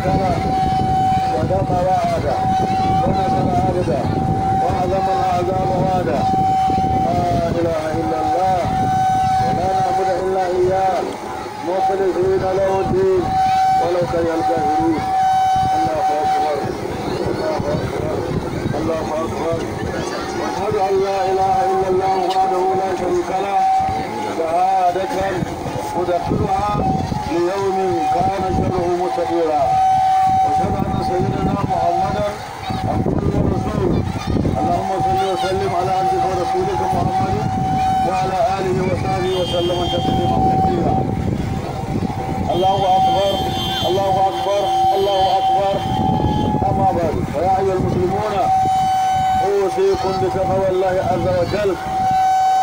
كما ودم وعدا ونزل عبدا لا اله الا الله ولا نعبد الا اياه مخلصين له الدين ولو كره الكافرون الله اكبر الله اكبر الله اكبر واشهد ان لا اله الا الله وحده لا شريك له شهاده مدخلها ليوم كان شره مستديرا واشهد ان سيدنا محمدا عبده ورسوله اللهم صل وسلم على عبدك ورسولك محمد وعلى اله وصحبه وسلم تسليما كثيرا الله اكبر الله اكبر الله اكبر اما بعد فيا ايها المسلمون اوصيكم بتقوى الله عز وجل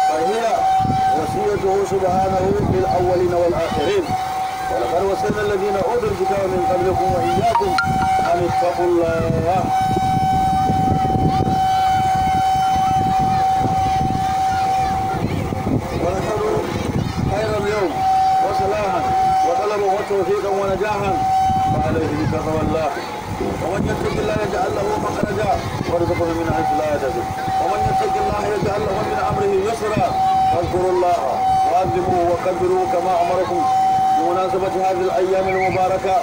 فهي وصيته سبحانه للاولين والاخرين ولقد وصلنا الذين اوتوا الكتاب من قبلكم واياكم ان اتقوا الله ونسالوا خير اليوم وصلاحا وطلبوا وتوفيقا ونجاحا فعليه بتقوى الله ومن يتق الله يجعل له مخرجا وارزقه من حيث لا يحتسب ومن يتق الله يجعل له من امره يسرا فاذكروا الله وعذبوه وقدروا كما امركم بمناسبة هذه الأيام المباركة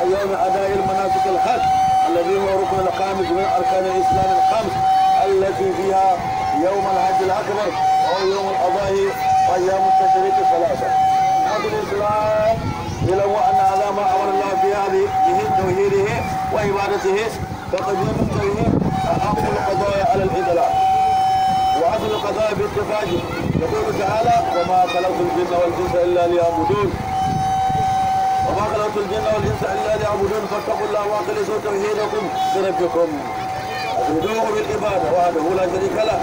أيام أداء المناسك الحج الذي هو الركن الخامس من أركان الإسلام الخمس التي فيها يوم الحج الأكبر أو يوم الأضاحي أيام التشريق الثلاثة. حج الإسلام يلو أن هذا ما أمر الله في به توحيده وعبادته فقديم التوحيد أحق القضايا على الإدلاء. وعدل القضاء بالتفاجئ يقول تعالى وما خلقت الجن والجنس إلا ليعبدون خلقت الجن والانس الا ليعبدون فاتقوا الله واخلصوا توحيدكم لربكم ادعوه بالعباده وحده لا شريك له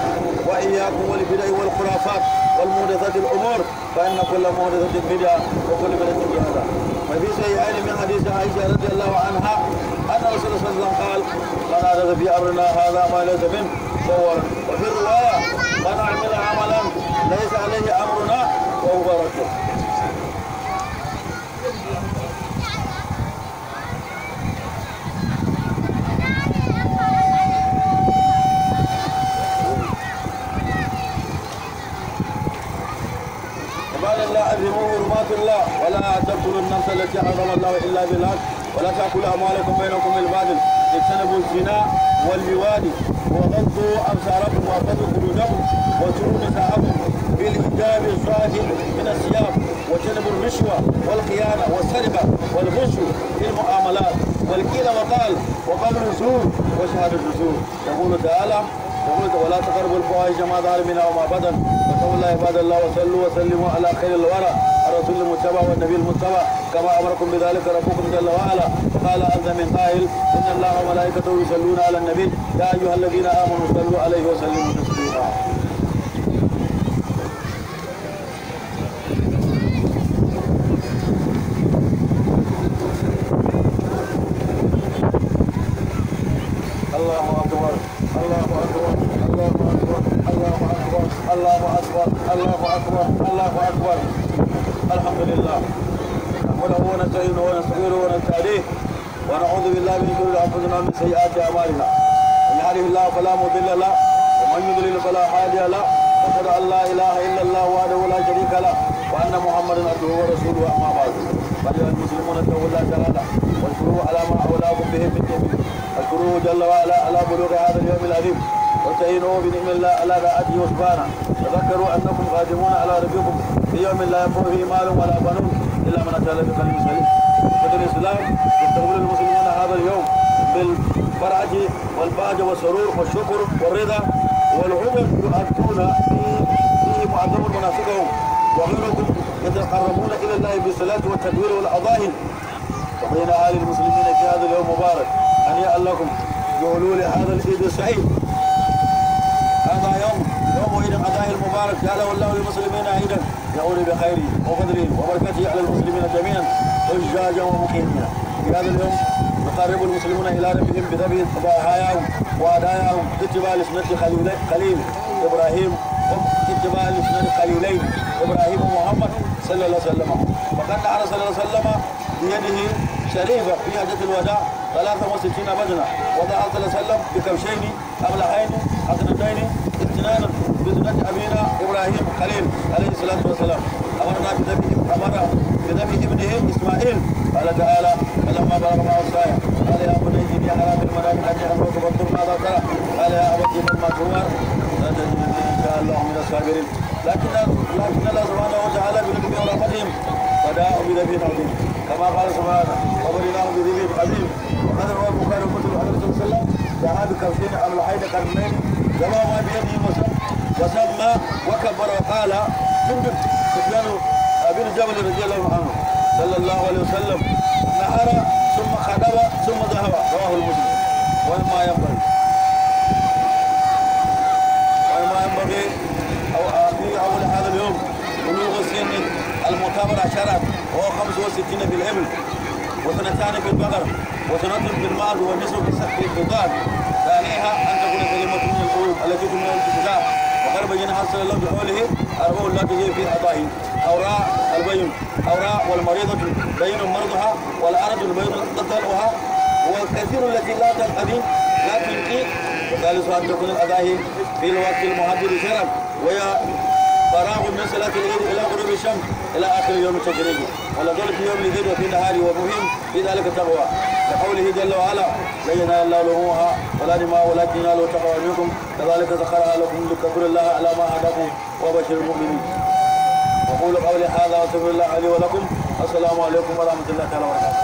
واياكم والبدع والخرافات والمحدثات الامور فان كل محدثه بدعه وكل بدعه ضلاله وفي سيئين من حديث عائشه رضي الله عنها ان رسول الله صلى الله عليه وسلم قال من اراد في امرنا هذا ما ليس منه فهو وفي الروايه من عمل عملا ليس عليه امرنا فهو رد الله أبهموا حرمات الله ولا تقتلوا النفس التي حرم الله إلا بالحق ولا تأكلوا أموالكم بينكم بالباطل اجتنبوا الزنا واللواط وغضوا أبصاركم وغضوا قلوبكم وتروا نساءكم بالكتاب الصادق من الصيام وجنبوا الرشوة والخيانة والسرقة والغش في المعاملات والكيل وقال وقال الرسول واشهد الرسول يقول تعالى يقول ولا تقربوا الفواحش ما ظهر منها وما بدن واتقوا الله عباد الله وصلوا وسلموا على خير الورى الرسول المتبع والنبي المتبع كما امركم بذلك ربكم جل وعلا وقال عز من قائل ان الله وملائكته يصلون على النبي يا ايها الذين امنوا صلوا عليه وسلموا تسليما نحمده ونستعينه ونستغفره ونستهديه ونعوذ بالله من شرور انفسنا ومن سيئات اعمالنا من يهده الله فلا مضل له ومن يضلل فلا هادي له واشهد ان لا اله الا الله وحده لا شريك له وان محمدا عبده ورسوله اما بعد فايها المسلمون اتقوا الله تعالى واذكروه على ما اولاكم به من جميل اذكروه جل وعلا على بلوغ هذا اليوم العظيم واستعينوا بنعم الله على طاعته سبحانه تذكروا انكم قادمون على ربكم في يوم لا ينفع فيه مال ولا بنون الا من اتى الله بقلب سليم صدر الاسلام يستقبل المسلمون هذا اليوم بالفرحه والبهجه والسرور والشكر والرضا والعمر يؤدون في معظم مناسكهم وغيركم يتقربون الى الله بالصلاه والتدوير والاضاحي وبين اهل المسلمين في هذا اليوم مبارك هنيئا لكم بحلول هذا العيد السعيد هذا يوم يوم عيد قضاء المبارك جعله الله للمسلمين عيدا يعود بخيره وفضله وبركته على المسلمين جميعا حجاجا ومقيمين في هذا اليوم يقرب المسلمون الى ربهم بذبح ضحاياهم وادائهم اتباع لسنه خليل ابراهيم اتباع لسنه خليلين ابراهيم ومحمد صلى الله عليه وسلم فقد نحر صلى الله عليه وسلم بيده شريفه في حجه الوداع 63 بدنه وضع صلى الله عليه وسلم بكبشين أبلحين حسنتين الحسين بزنة أمينة إبراهيم خليل عليه الصلاة والسلام أمرنا بذبح أمر بذبح ابنه إسماعيل قال تعالى فلما بلغ معه الساعة قال يا بني إني أرى في المنام أني أمرك فاكتب ماذا ترى قال يا أبت من ما تؤمر ستجدني إن شاء الله من الصابرين لكن لكن الله سبحانه وتعالى بنعمه ورحمتهم فداءوا بذبح عظيم كما قال سبحانه وبرناهم بذبح عظيم وقد روى البخاري ومسلم عن الرسول صلى الله عليه وسلم ذهاب كفين على الحيد قرنين وما بيده وسمى وكبر وقال سفيان بن جبل رضي الله عنه صلى الله عليه وسلم نهر ثم خدب ثم ذهب رواه المسلم وما ينبغي وما ينبغي او في اول هذا اليوم بلوغ سن المؤتمر عشرة وهو 65 الابل وسنتان في البقر وسنة في المعز ونصف في الضاد ثانيها أن تكون كلمة من القلوب التي تمنع الكتاب وقرب حصل الله بحوله أربو الله تجي في أضاهي أوراء البين أوراء والمريضة بين مرضها والأرض البيض قتلها والكثير التي لا تنقضي لا تنقي وثالثها أن تكون الأضاهي في الوقت المهدد شرف ويا فراغ من صلاة العيد إلى غروب الشمس إلى آخر يوم تجريه ولذلك يوم لذيذ وفي نهاري ومهم في ذلك التقوى لقوله جل وعلا بين ينال لحومها ولا دماء دين ينالوا تقوى منكم كذلك سخرها لكم لتكبروا الله على ما هداكم وبشر المؤمنين وقولوا قولي هذا واستغفر الله لي ولكم السلام عليكم ورحمه الله تعالى وبركاته